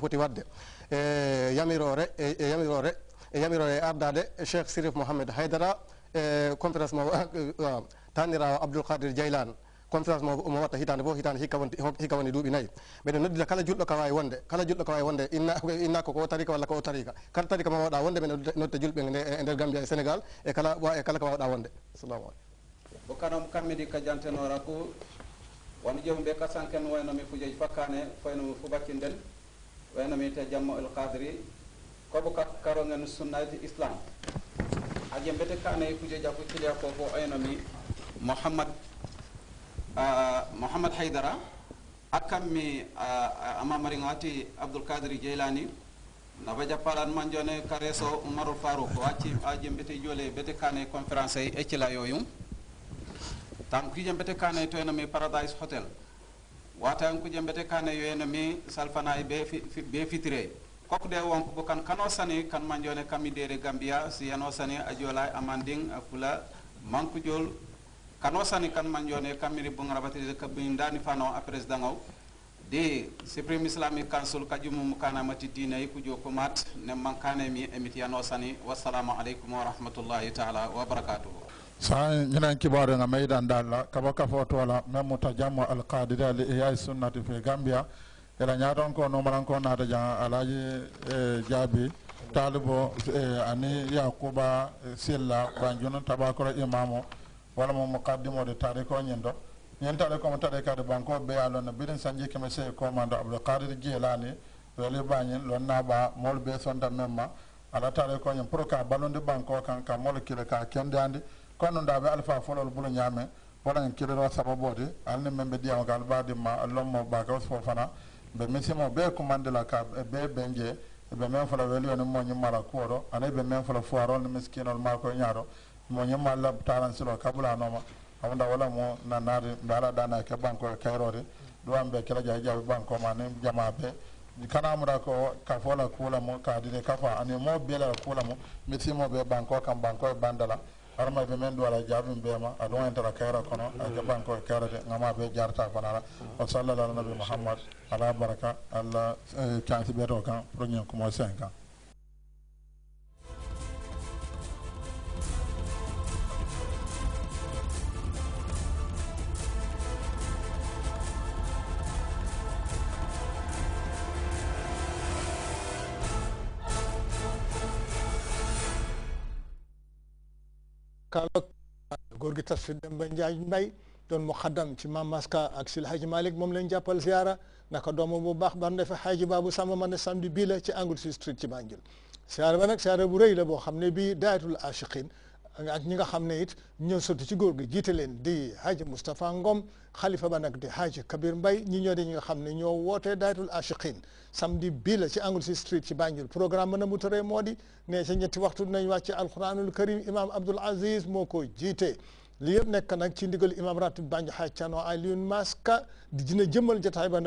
foti wadde e yamirore e yamirore yamirore ardade cheikh sirif mouhamed haydara e conférence mo t a n i r a a b d u l k a d i r j a y l a n e conférence mo watta hitande fof hitande hikka w a n i duuɓi nayyi mbeɗen n o d d i a kala julɗo ka wawi wonde kala julɗo ka wawi wonde inna inna koko tarika w a l a ko tarika kala tarika ma waɗa wonde b e ɗ e n n o d d i a julɓe e nder gambia e s e n e g a l e kala e kala k a waɗa wonde assalamu aleykum bo kanam kammidi ka jantenora ko w a n i j e o u m ɓe kasanken waynomi fujoji fakkane f a y n o fubakkinden wayanamite jammo'el qadiri koɓo karogen sunnaji islam haje mbete kane kujeji a kucciliya ko ko oynami mouhammad mouhammad haydara akkammi amamari ngati abdoul kadiri jeylani naba jappaɗan man jone ka reso oumarou farouk o acci aje mbete joole mbete kane conférence e eccila yoyum tan kuje mbete kane toynami paradise hôtel watan kujembete mi salfanayi be, fi, be fitire kokde wonko bo kan kano sani kan manjone gambia siyano sani a joolay amanding a fula manku jool kano sani kan manjone kamiri bongarabatide kabindani fano a président o de supreme islamic council ka jumum kanamati dinayi kujo ko mat ne mankane mi emiti yano sani wassalamu aleykum wa rahmatullahi taala wa barakatuhu san ñinen kibaru nga maydan dalla kabaka kafo tola memu tajammo alqadiri ali iyai sunnati fi gambia ela ñaton ko numaranko naata jan alaji jabi jaabi talibo ani yakuba silla banjunu tabakoro imamo wala mo muqaddimo de tariko ñindo ñin tariko mo tare kadi banko be yalo no bidin sanji keme se commando abdul qadir jilani wali bañin lon ba mol be sonda memma ala tariko ñin pour ka balonde banko kan ka mol kile ka kendandi kono ndaɓe alpha folol ɓulo ñaame waɗan kirira sababode alni men ɓe ɗiyama ka albadima lommo bakaws fo fana ɓe misimo ɓe commandela ka ɓe ɓen jee ɓe men fola weliyoni moñimmala kuoɗo anayi ɓe men fola foirol ni miskinol makoye ñaaɗo moñimma taransilo kabulanoma amda wala mo nanari ɓe ala dana ke banque kayrode ɗuwan ɓe kela jawi jawi banko ma ni jama ɓe kanamuda ko kafola kuula mo kadine kafa ani mo beelala kuula mo misimo ɓe banko kam banko e bandala harmaɓe men ɗo ala jaabim beema aɗum en tara kayra kono a jaɓanko e keyrete gama ɓe jarta fanara wa sallallah ala nabi mouhammad ala baraka allah kansi eh, ɓeeto kan pour ñen kumo cinq ans kaaloog góor gi tas fi dem ba njaaj mbay doon mu xaddam ci maam Maska ak sil Haji Malick moom lañ jàppal ziara naka doomu bu baax ban defe Haji Baabu Samba man ne samedi bii la ci Anglesey Street ci Banjul ziara ba nag ziara bu rëy la boo xam ne bii daayatul achiqin ak ñi nga xam ne it ñoo sotti ci góor gi jiite leen di Haji Moustapha Ngom xalifa ba nag di Haji Kabir Mbay ñi ñoo di ñi nga xam ne ñoo wootee daytul achiqin samedi bii la ci Anglesey Street ci Banjul programme bana mu tëree moo di ne sa ñetti waxtu nañ wàcc alquranul karim imam Abdul Aziz moo ko jiite li yëpp nekk nag ci ndigal imam ratib Banjul Haji Cano Alioune Maska di dina jëmmal jotaay ba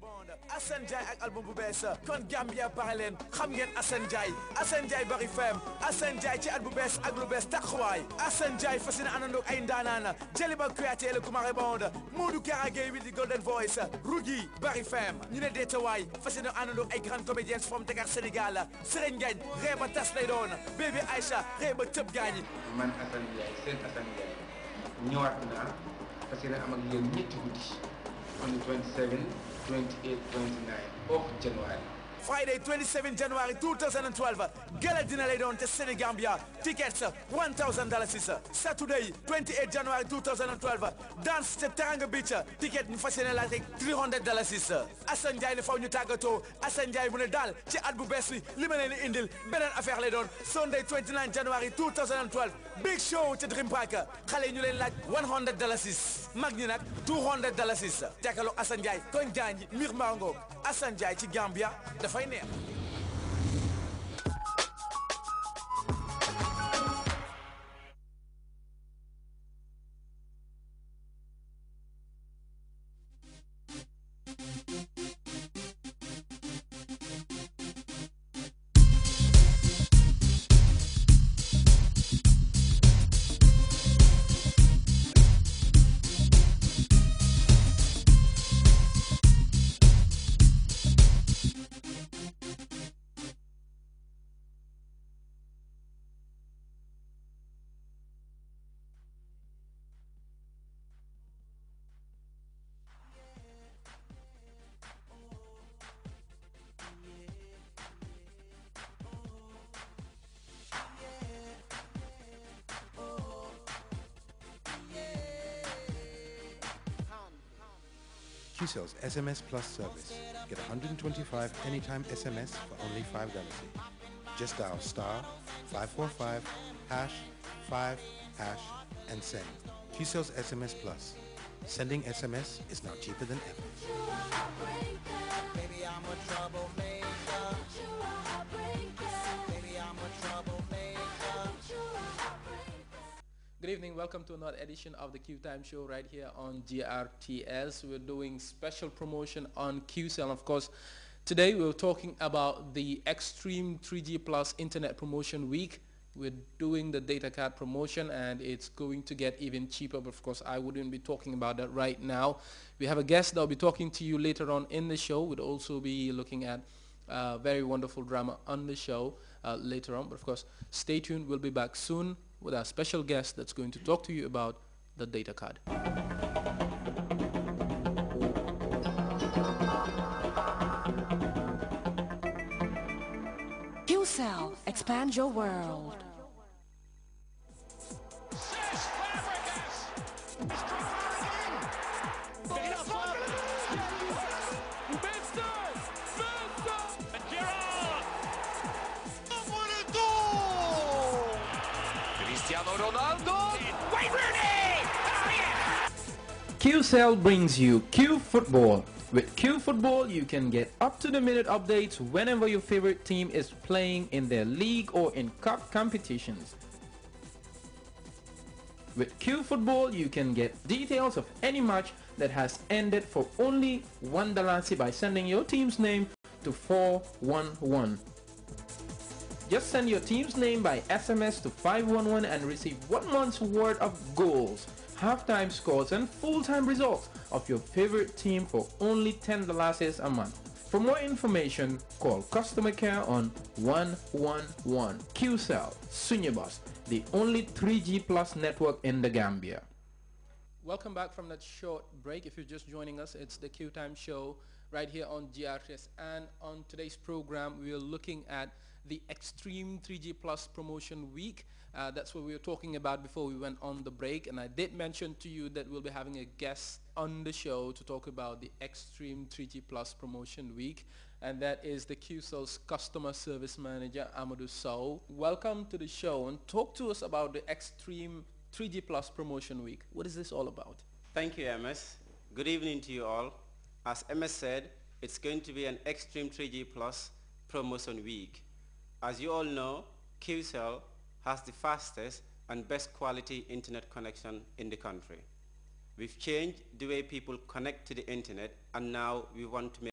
Bond Assane Ndiaye ak album bu bees kon Gambia pare leen xam ngeen Assane Ndiaye Assane Ndiaye bari feem Assane ci at bu bees ak lu bees taxawaay Assane Ndiaye fas yéene ay ndaanaana Jaliba Kuyate le Kumare Bond Modou Karagé wi di Golden Voice Rougi bari feem ñu ne deetawaay fas yéene àndandoo ay grandes comédiennes from Dakar Sénégal Serigne Ngagne Réba Tas lay doon Bébé Aïcha Réba Tëb Gaañi man Assane Ndiaye seen Assane ñëwaat naa fas yéene am 28-29 of January. Friday 27 January 2012 gala dina lay doon te Gambia. tickets uh, $1000 Saturday 28 January 2012 dance te Teranga Beach uh, ticket ñu fas yéene 300 dollars Ndiaye ne faw ñu tàggatoo oh. Assane Ndiaye mu ne daal ci at indil beneen affaire lay doon Sunday 29 January 2012 big show ca Dream Park xale yi ñu leen laaj 100 dalasis mag ñi nag 200 dalasis jàkkaarloo Assane ko koñ jaañ Mir Mbango Assane Ndiaye ci Gambia dafay neex Qcell's SMS Plus service. Get 125 anytime SMS for only $5. Just dial star 545 hash 5 hash and send. Qcell's SMS Plus. Sending SMS is now cheaper than ever. Good evening, welcome to another edition of the Q Time Show right here on GRTS. We're doing special promotion on QCell. Of course, today we're talking about the Extreme 3G Plus Internet Promotion Week. We're doing the data card promotion and it's going to get even cheaper, but of course I wouldn't be talking about that right now. We have a guest that will be talking to you later on in the show. We'll also be looking at uh, very wonderful drama on the show uh, later on. But of course, stay tuned. We'll be back soon with our special guest that's going to talk to you about the data card. QCell, expand your world. QCell brings you Q Football. With Q Football, you can get up-to-the-minute updates whenever your favorite team is playing in their league or in cup competitions. With Q Football, you can get details of any match that has ended for only one Dalasi by sending your team's name to 411. Just send your team's name by SMS to 511 and receive one month's worth of goals halftime scores and full-time results of your favorite team for only $10 a month. For more information, call customer care on 111 QCell Sunyabus, the only 3G plus network in the Gambia. Welcome back from that short break. If you're just joining us, it's the Q Time Show right here on GRS. And on today's program, we are looking at the Extreme 3G Plus Promotion Week uh, that's what we were talking about before we went on the break. And I did mention to you that we'll be having a guest on the show to talk about the Extreme 3G Plus Promotion Week. And that is the QSO's Customer Service Manager, Amadou Sow. Welcome to the show and talk to us about the Extreme 3G Plus Promotion Week. What is this all about? Thank you, MS. Good evening to you all. As MS said, it's going to be an Extreme 3G Plus Promotion Week. As you all know, QCell has the fastest and best quality internet connection in the country. We've changed the way people connect to the internet and now we want to make.